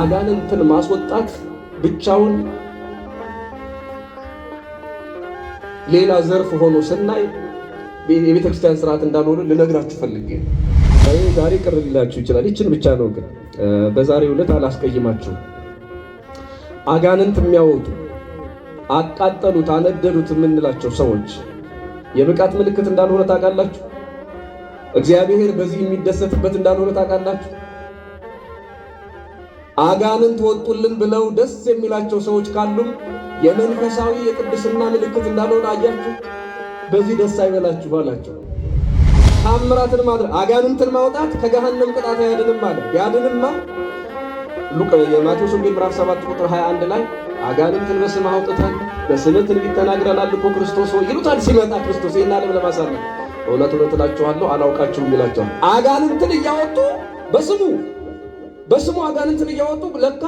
አጋንንትን ማስወጣት ብቻውን ሌላ ዘርፍ ሆኖ ስናይ የቤተ ክርስቲያን ስርዓት እንዳልሆነ ልነግራችሁ ፈልጌ ዛሬ ቅር ሊላችሁ ይችላል። ይችን ብቻ ነው ግን በዛሬው ዕለት አላስቀይማችሁም። አጋንንት የሚያወጡ አቃጠሉት፣ አነደዱት የምንላቸው ሰዎች የብቃት ምልክት እንዳልሆነ ታውቃላችሁ። እግዚአብሔር በዚህ የሚደሰትበት እንዳልሆነ ታውቃላችሁ። አጋንንት ወጡልን ብለው ደስ የሚላቸው ሰዎች ካሉም የመንፈሳዊ የቅድስና ምልክት እንዳልሆነ አያችሁ። በዚህ ደስ አይበላችሁ አላቸው። ታምራትን ማድረግ አጋንንትን ማውጣት ከገሃነም ቅጣት አያድንም አለ። ያድንማ ሉቅ የማቴዎስ ወንጌል ምዕራፍ 7 ቁጥር 21 ላይ አጋንንትን በስም አውጥተን በስምህ ትንቢት ተናግረናል እኮ ክርስቶስ ሆይ ይሉታል። ሲመጣ ክርስቶስ ይህን ዓለም ለማሳለፍ እውነት እውነት እላችኋለሁ አላውቃችሁም ይላቸዋል። አጋንንትን እያወጡ በስሙ በስሙ አጋንንትን እያወጡ ለካ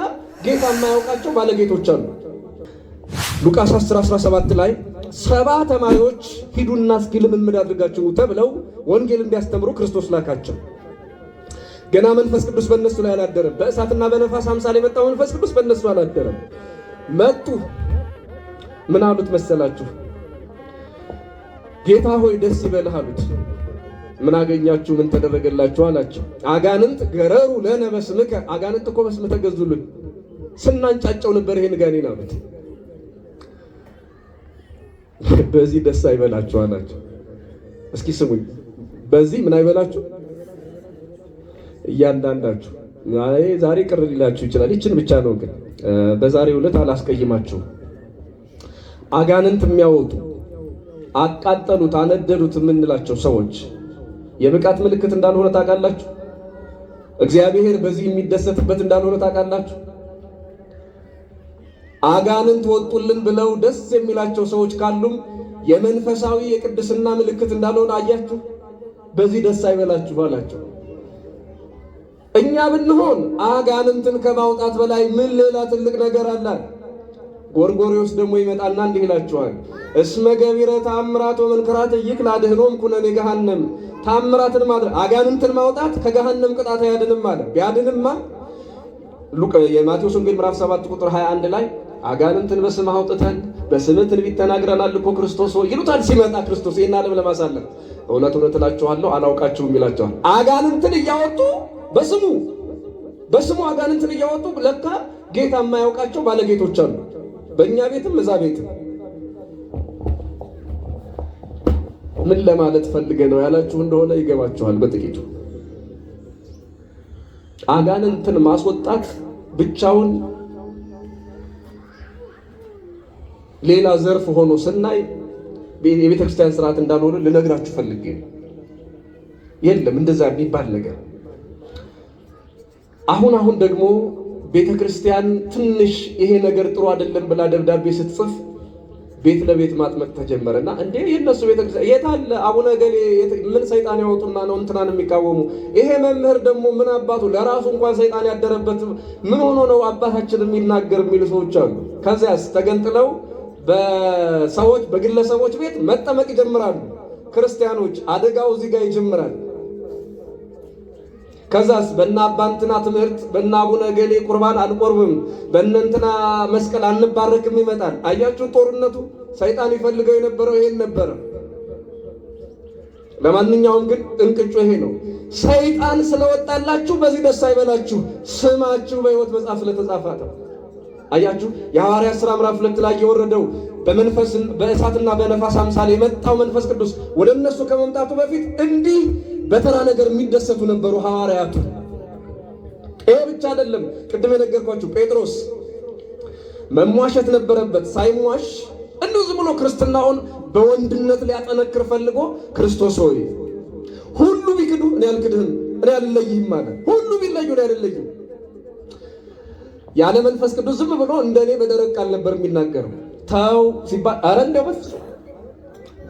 ጌታ የማያውቃቸው ባለጌቶች አሉ። ሉቃስ 10 17 ላይ ሰባ ተማሪዎች ሂዱና እስኪ ልምምድ አድርጋችሁ ተብለው ወንጌል እንዲያስተምሩ ክርስቶስ ላካቸው። ገና መንፈስ ቅዱስ በእነሱ ላይ አላደረም። በእሳትና በነፋስ አምሳል የመጣው መንፈስ ቅዱስ በእነሱ አላደረም። መጡ። ምን አሉት መሰላችሁ? ጌታ ሆይ ደስ ይበልህ አሉት። ምን አገኛችሁ? ምን ተደረገላችሁ? አላቸው። አጋንንት ገረሩ ለነ በስምከ፣ አጋንንት እኮ በስም ተገዙልን፣ ስናንጫጨው ነበር ይሄን ጋኔን አሉት። በዚህ ደስ አይበላችሁ አላቸው። እስኪ ስሙኝ፣ በዚህ ምን አይበላችሁ እያንዳንዳችሁ። አይ ዛሬ ቅር ሊላችሁ ይችላል፣ ይችን ብቻ ነው ግን በዛሬው ዕለት አላስቀይማችሁም። አጋንንት የሚያወጡ አቃጠሉት፣ አነደዱት የምንላቸው ሰዎች የብቃት ምልክት እንዳልሆነ ታውቃላችሁ። እግዚአብሔር በዚህ የሚደሰትበት እንዳልሆነ ታውቃላችሁ። አጋንንት ወጡልን ብለው ደስ የሚላቸው ሰዎች ካሉም የመንፈሳዊ የቅድስና ምልክት እንዳልሆነ አያችሁ። በዚህ ደስ አይበላችሁ አላቸው። እኛ ብንሆን አጋንንትን ከማውጣት በላይ ምን ሌላ ትልቅ ነገር አላል። ጎርጎሪዎስ ደግሞ ይመጣና እንዲህ ይላቸዋል። እስመ ገቢረ ታምራት ወመንክራት ይክላ አድኅኖም ኩነ ገሃነም። ታምራትን ማድረግ አጋንንትን ማውጣት ከገሃነም ቅጣት አያድንም አለ። ቢያድንማ የማቴዎስ ወንጌል ምዕራፍ 7 ቁጥር 21 ላይ አጋንንትን በስም አውጥተን በስም ትንቢት ተናግረናል እኮ ክርስቶስ ይሉታል። ሲመጣ ክርስቶስ ይህን ዓለም ለማሳለፍ እውነት እውነት እላችኋለሁ አላውቃችሁም ይላቸዋል። አጋንንትን እያወጡ በስሙ በስሙ አጋንንትን እያወጡ ለካ ጌታ የማያውቃቸው ባለጌቶች አሉ። በእኛ ቤትም እዛ ቤት ምን ለማለት ፈልገ ነው ያላችሁ እንደሆነ ይገባችኋል። በጥቂቱ አጋንንትን ማስወጣት ብቻውን ሌላ ዘርፍ ሆኖ ስናይ የቤተ ክርስቲያን ስርዓት እንዳልሆነ ልነግራችሁ ፈልጌ የለም እንደዛ የሚባል ነገር አሁን አሁን ደግሞ ቤተ ክርስቲያን ትንሽ ይሄ ነገር ጥሩ አይደለም ብላ ደብዳቤ ስትጽፍ ቤት ለቤት ማጥመቅ ተጀመረና እንዴ የነሱ ቤተክርስቲያን የት አለ አቡነ ገሌ ምን ሰይጣን ያወጡና ነው እንትናን የሚቃወሙ? ይሄ መምህር ደግሞ ምን አባቱ ለራሱ እንኳን ሰይጣን ያደረበት ምን ሆኖ ነው አባታችን የሚናገር የሚሉ ሰዎች አሉ። ከዚያስ ተገንጥለው በሰዎች በግለሰቦች ቤት መጠመቅ ይጀምራሉ። ክርስቲያኖች አደጋው እዚህ ጋር ይጀምራል። ከዛስ በእናባንትና ትምህርት በእናቡነ አቡነ ገሌ ቁርባን አልቆርብም፣ በእነንትና መስቀል አንባረክም ይመጣል። አያችሁ ጦርነቱ። ሰይጣን ይፈልገው የነበረው ይሄን ነበረ። ለማንኛውም ግን እንቅጩ ይሄ ነው። ሰይጣን ስለወጣላችሁ በዚህ ደስ አይበላችሁ፣ ስማችሁ በሕይወት መጽሐፍ ስለተጻፈ ነው። አያችሁ የሐዋርያ ሥራ ምዕራፍ ሁለት ላይ የወረደው በመንፈስ በእሳትና በነፋስ አምሳል የመጣው መንፈስ ቅዱስ ወደ እነሱ ከመምጣቱ በፊት እንዲህ በተራ ነገር የሚደሰቱ ነበሩ ሐዋርያቱ። ይሄ ብቻ አይደለም። ቅድም የነገርኳችሁ ጴጥሮስ መሟሸት ነበረበት። ሳይሟሽ እንዲሁ ዝም ብሎ ክርስትናውን በወንድነት ሊያጠነክር ፈልጎ ክርስቶስ ሆይ ሁሉ ቢክዱ እኔ አልክድህም፣ እኔ አልለይህም አለ። ሁሉ ቢለዩ እኔ አልለይህም። ያለ መንፈስ ቅዱስ ዝም ብሎ እንደኔ እኔ ቃል ነበር የሚናገረው። ተው ሲባል አረ እንደው በፍጹም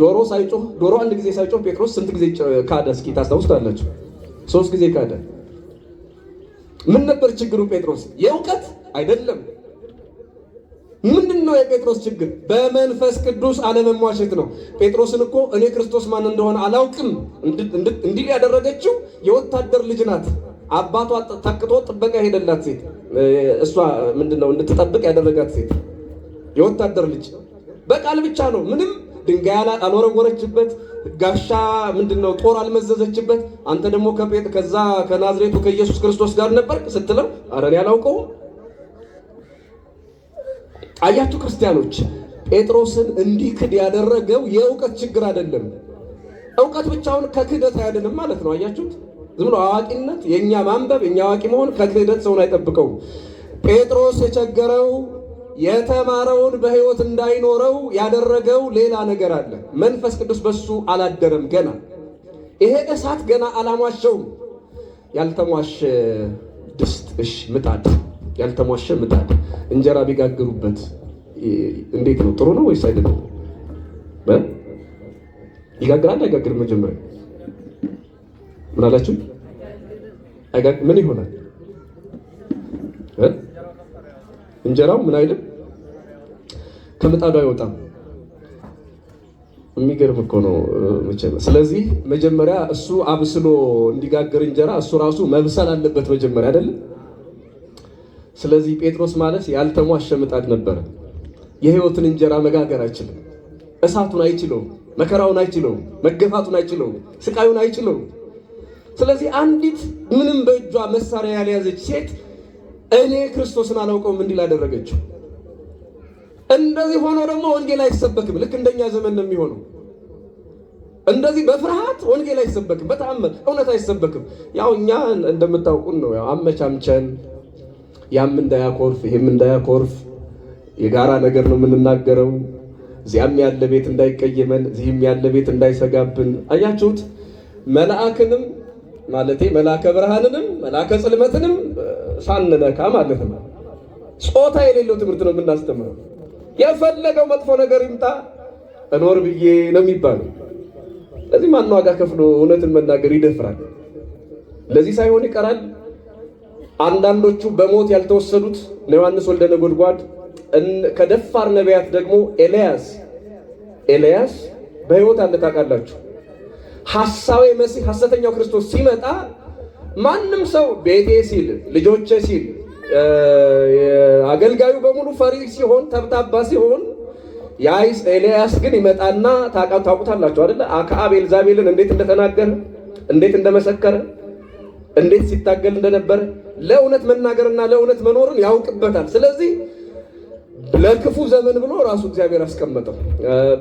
ዶሮ ሳይጮህ ዶሮ አንድ ጊዜ ሳይጮህ ጴጥሮስ ስንት ጊዜ ካደ? እስኪ ታስታውሱታላችሁ? ሶስት ጊዜ ካደ። ምን ነበር ችግሩ? ጴጥሮስ የእውቀት አይደለም። ምንድን ነው የጴጥሮስ ችግር? በመንፈስ ቅዱስ አለመሟሸት ነው። ጴጥሮስን እኮ እኔ ክርስቶስ ማን እንደሆነ አላውቅም እንዲል ያደረገችው የወታደር ልጅ ናት። አባቷ ታክቶ ጥበቃ ሄደላት ሴት እሷ ምንድነው እንድትጠብቅ ያደረጋት ሴት የወታደር ልጅ በቃል ብቻ ነው ምንም ድንጋይ አልወረወረችበት፣ ጋሻ ምንድን ነው ጦር አልመዘዘችበት። አንተ ደግሞ ከዛ ከናዝሬቱ ከኢየሱስ ክርስቶስ ጋር ነበር ስትለው ኧረ እኔ አላውቀውም። አያችሁ ክርስቲያኖች፣ ጴጥሮስን እንዲክድ ያደረገው የእውቀት ችግር አይደለም። እውቀት ብቻውን ከክህደት አያድንም ማለት ነው። አያችሁት? ዝም ብሎ አዋቂነት፣ የእኛ ማንበብ፣ የእኛ አዋቂ መሆን ከክህደት ሰውን አይጠብቀውም። ጴጥሮስ የቸገረው የተማረውን በሕይወት እንዳይኖረው ያደረገው ሌላ ነገር አለ። መንፈስ ቅዱስ በሱ አላደረም። ገና ይሄ እሳት ገና አላሟሸውም። ያልተሟሸ ድስት እሽ፣ ምጣድ፣ ያልተሟሸ ምጣድ እንጀራ ቢጋግሩበት እንዴት ነው? ጥሩ ነው ወይስ አይደለም? ይጋግራል አይጋግርም? መጀመሪያ ምን አላችሁ? ምን ይሆናል? እንጀራው ምን አይልም ከምጣዱ አይወጣም። የሚገርም እኮ ነው። ስለዚህ መጀመሪያ እሱ አብስሎ እንዲጋገር እንጀራ እሱ ራሱ መብሰል አለበት መጀመሪያ አይደለም። ስለዚህ ጴጥሮስ ማለት ያልተሟሸ ምጣድ ነበረ። የህይወትን እንጀራ መጋገር አይችልም። እሳቱን አይችለውም። መከራውን አይችለውም። መገፋቱን አይችለውም። ስቃዩን አይችለውም። ስለዚህ አንዲት ምንም በእጇ መሳሪያ ያልያዘች ሴት እኔ ክርስቶስን አላውቀውም እንዲል አደረገችው። እንደዚህ ሆኖ ደግሞ ወንጌል አይሰበክም። ልክ እንደኛ ዘመን ነው የሚሆነው። እንደዚህ በፍርሃት ወንጌል አይሰበክም። በጣም እውነት አይሰበክም። ያው እኛ እንደምታውቁን ነው። ያው አመቻምቸን፣ ያም እንዳያኮርፍ፣ ይሄም እንዳያኮርፍ የጋራ ነገር ነው የምንናገረው። እዚያም ያለ ቤት እንዳይቀየመን፣ እዚህም ያለ ቤት እንዳይሰጋብን። አያችሁት? መልአክንም ማለቴ መልአከ ብርሃንንም መልአከ ጽልመትንም ሳንነካ ማለት ነው። ጾታ የሌለው ትምህርት ነው የምናስተምረው። የፈለገው መጥፎ ነገር ይምጣ እኖር ብዬ ነው የሚባለው። ለዚህ ማን ዋጋ ከፍሎ እውነትን መናገር ይደፍራል? ለዚህ ሳይሆን ይቀራል። አንዳንዶቹ በሞት ያልተወሰዱት ለዮሐንስ ወልደ ነጎድጓድ፣ ከደፋር ነቢያት ደግሞ ኤልያስ ኤልያስ በሕይወት አለ ታውቃላችሁ። ሐሳዌ መሲህ ሐሰተኛው ክርስቶስ ሲመጣ ማንም ሰው ቤቴ ሲል ልጆቼ ሲል አገልጋዩ በሙሉ ፈሪ ሲሆን ተብታባ ሲሆን ያይስ ኤልያስ ግን ይመጣና ታውቁታላችሁ አይደለ? አክዓብ ኤልዛቤልን እንዴት እንደተናገረ እንዴት እንደመሰከረ እንዴት ሲታገል እንደነበረ ለእውነት መናገርና ለእውነት መኖርን ያውቅበታል። ስለዚህ ለክፉ ዘመን ብሎ ራሱ እግዚአብሔር አስቀመጠው።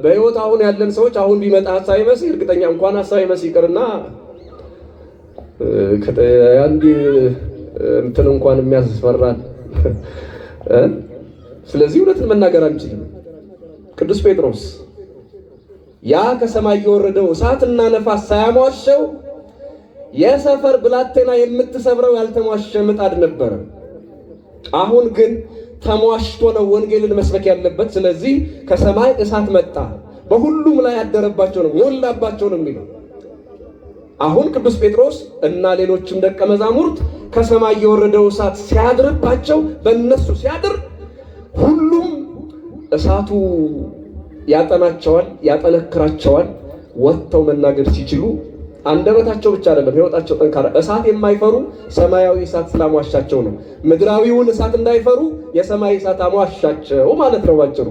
በህይወት አሁን ያለን ሰዎች አሁን ቢመጣ ሐሳዌ መሲህ እርግጠኛ እንኳን ሐሳዌ መሲህ ይቅርና አንድ እንትን እንኳን የሚያስፈራን። ስለዚህ እውነትን መናገር አንችልም። ቅዱስ ጴጥሮስ ያ ከሰማይ የወረደው እሳትና ነፋስ ሳያሟሸው የሰፈር ብላቴና የምትሰብረው ያልተሟሸ ምጣድ ነበረ። አሁን ግን ተሟሽቶ ነው ወንጌልን መስበክ ያለበት። ስለዚህ ከሰማይ እሳት መጣ፣ በሁሉም ላይ ያደረባቸው ነው ሞላባቸው ነው የሚለው አሁን ቅዱስ ጴጥሮስ እና ሌሎችም ደቀ መዛሙርት ከሰማይ የወረደው እሳት ሲያድርባቸው በእነሱ ሲያድር ሁሉም እሳቱ ያጠናቸዋል፣ ያጠነክራቸዋል። ወጥተው መናገር ሲችሉ አንደበታቸው ብቻ አይደለም ሕይወታቸው ጠንካራ። እሳት የማይፈሩ ሰማያዊ እሳት ስላሟሻቸው ነው። ምድራዊውን እሳት እንዳይፈሩ የሰማይ እሳት አሟሻቸው ማለት ነው ባጭሩ።